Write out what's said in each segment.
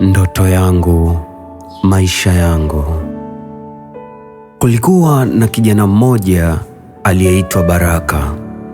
ndoto yangu, maisha yangu. Kulikuwa na kijana mmoja aliyeitwa Baraka,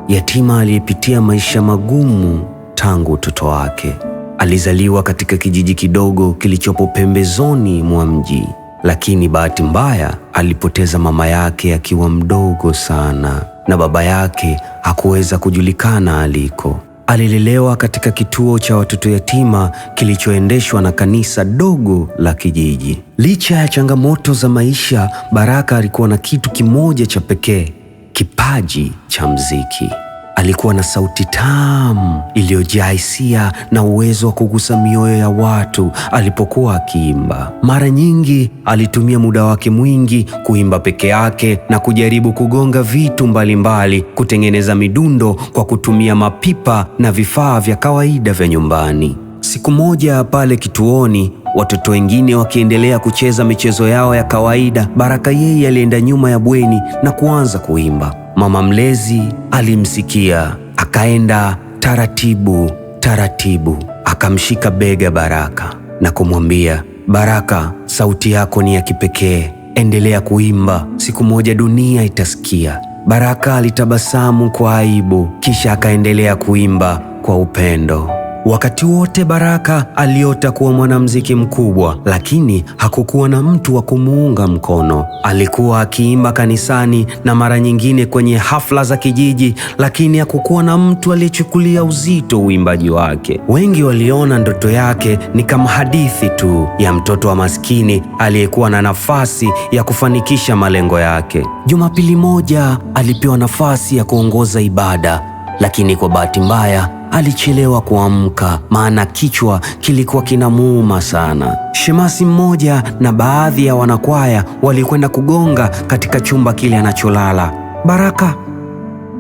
yatima aliyepitia maisha magumu tangu utoto wake. Alizaliwa katika kijiji kidogo kilichopo pembezoni mwa mji, lakini bahati mbaya alipoteza mama yake akiwa mdogo sana, na baba yake hakuweza kujulikana aliko alilelewa katika kituo cha watoto yatima kilichoendeshwa na kanisa dogo la kijiji. Licha ya changamoto za maisha, Baraka alikuwa na kitu kimoja cha pekee, kipaji cha mziki. Alikuwa na sauti tamu iliyojaa hisia na uwezo wa kugusa mioyo ya watu alipokuwa akiimba. Mara nyingi alitumia muda wake mwingi kuimba peke yake na kujaribu kugonga vitu mbalimbali, kutengeneza midundo kwa kutumia mapipa na vifaa vya kawaida vya nyumbani. Siku moja pale kituoni, watoto wengine wakiendelea kucheza michezo yao ya kawaida, Baraka yeye alienda nyuma ya bweni na kuanza kuimba. Mama mlezi alimsikia, akaenda taratibu taratibu, akamshika bega Baraka na kumwambia, Baraka, sauti yako ni ya kipekee, endelea kuimba, siku moja dunia itasikia. Baraka alitabasamu kwa aibu, kisha akaendelea kuimba kwa upendo. Wakati wote Baraka aliota kuwa mwanamuziki mkubwa, lakini hakukuwa na mtu wa kumuunga mkono. Alikuwa akiimba kanisani na mara nyingine kwenye hafla za kijiji, lakini hakukuwa na mtu aliyechukulia uzito uimbaji wake. Wengi waliona ndoto yake ni kama hadithi tu ya mtoto wa maskini aliyekuwa na nafasi ya kufanikisha malengo yake. Jumapili moja alipewa nafasi ya kuongoza ibada lakini kwa bahati mbaya alichelewa kuamka, maana kichwa kilikuwa kinamuuma sana. Shemasi mmoja na baadhi ya wanakwaya walikwenda kugonga katika chumba kile anacholala Baraka.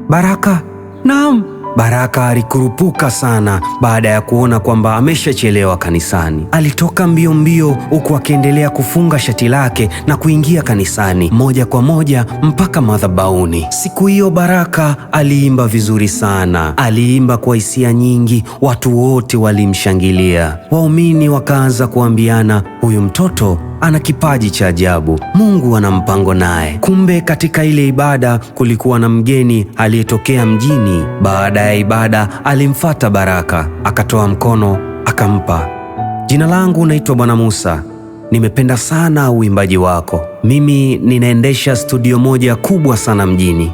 Baraka! Naam, Baraka alikurupuka sana baada ya kuona kwamba ameshachelewa kanisani. Alitoka mbio mbio huku akiendelea kufunga shati lake na kuingia kanisani moja kwa moja mpaka madhabauni Siku hiyo Baraka aliimba vizuri sana, aliimba kwa hisia nyingi, watu wote walimshangilia. Waumini wakaanza kuambiana, huyu mtoto ana kipaji cha ajabu, Mungu ana mpango naye. Kumbe katika ile ibada kulikuwa na mgeni aliyetokea mjini. Baada ya ibada, alimfata Baraka, akatoa mkono akampa. Jina langu naitwa Bwana Musa, nimependa sana uimbaji wako. Mimi ninaendesha studio moja kubwa sana mjini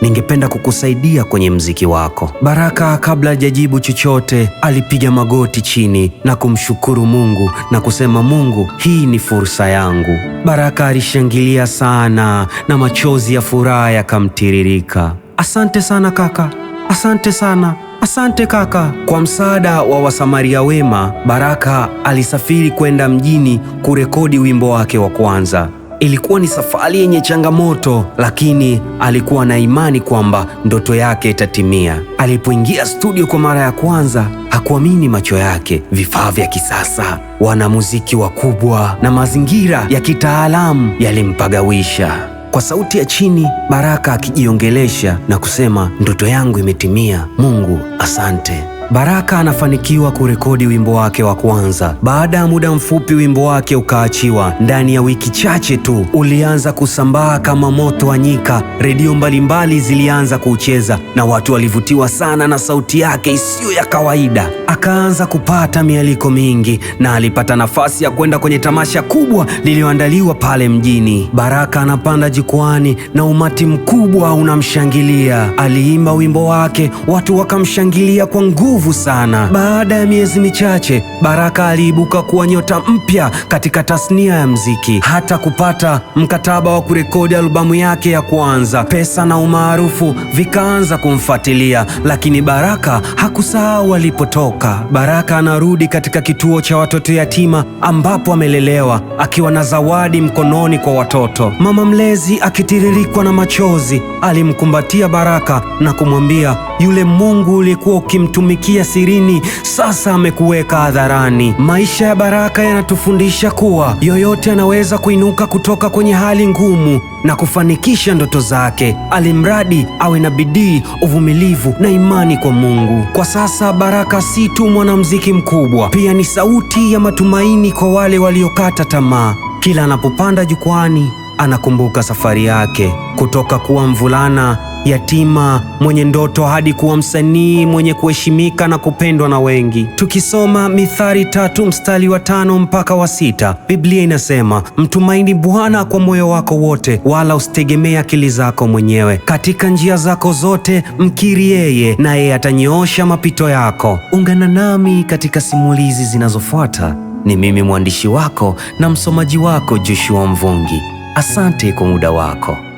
ningependa kukusaidia kwenye mziki wako. Baraka kabla hajajibu chochote, alipiga magoti chini na kumshukuru Mungu na kusema, Mungu, hii ni fursa yangu. Baraka alishangilia sana na machozi ya furaha yakamtiririka. Asante sana kaka, asante sana Asante kaka. Kwa msaada wa wasamaria wema, Baraka alisafiri kwenda mjini kurekodi wimbo wake wa kwanza. Ilikuwa ni safari yenye changamoto, lakini alikuwa na imani kwamba ndoto yake itatimia. Alipoingia studio kwa mara ya kwanza, hakuamini macho yake: vifaa vya kisasa, wanamuziki wakubwa na mazingira ya kitaalamu yalimpagawisha. Kwa sauti ya chini, Baraka akijiongelesha na kusema, ndoto yangu imetimia, Mungu asante. Baraka anafanikiwa kurekodi wimbo wake wa kwanza. Baada ya muda mfupi, wimbo wake ukaachiwa. Ndani ya wiki chache tu ulianza kusambaa kama moto wa nyika. Redio mbalimbali zilianza kuucheza na watu walivutiwa sana na sauti yake isiyo ya kawaida. Akaanza kupata mialiko mingi na alipata nafasi ya kwenda kwenye tamasha kubwa lililoandaliwa pale mjini. Baraka anapanda jukwani na umati mkubwa unamshangilia. Aliimba wimbo wake, watu wakamshangilia kwa nguvu nguvu sana. Baada ya miezi michache, Baraka aliibuka kuwa nyota mpya katika tasnia ya mziki, hata kupata mkataba wa kurekodi albamu yake ya kwanza. Pesa na umaarufu vikaanza kumfuatilia, lakini Baraka hakusahau alipotoka. Baraka anarudi katika kituo cha watoto yatima ambapo amelelewa, akiwa na zawadi mkononi kwa watoto. Mama mlezi akitiririkwa na machozi alimkumbatia Baraka na kumwambia yule Mungu uliyekuwa ukimtumikia sirini sasa amekuweka hadharani. Maisha ya baraka yanatufundisha kuwa yoyote anaweza kuinuka kutoka kwenye hali ngumu na kufanikisha ndoto zake, alimradi awe na bidii, uvumilivu na imani kwa Mungu. Kwa sasa Baraka si tu mwanamuziki mkubwa, pia ni sauti ya matumaini kwa wale waliokata tamaa. Kila anapopanda jukwani, anakumbuka safari yake kutoka kuwa mvulana yatima mwenye ndoto hadi kuwa msanii mwenye kuheshimika na kupendwa na wengi. Tukisoma Mithali tatu mstari wa tano mpaka wa sita, Biblia inasema mtumaini Bwana kwa moyo wako wote, wala usitegemee akili zako mwenyewe. Katika njia zako zote mkiri yeye, naye atanyoosha mapito yako. Ungana nami katika simulizi zinazofuata. Ni mimi mwandishi wako na msomaji wako Joshua Mvungi. Asante kwa muda wako.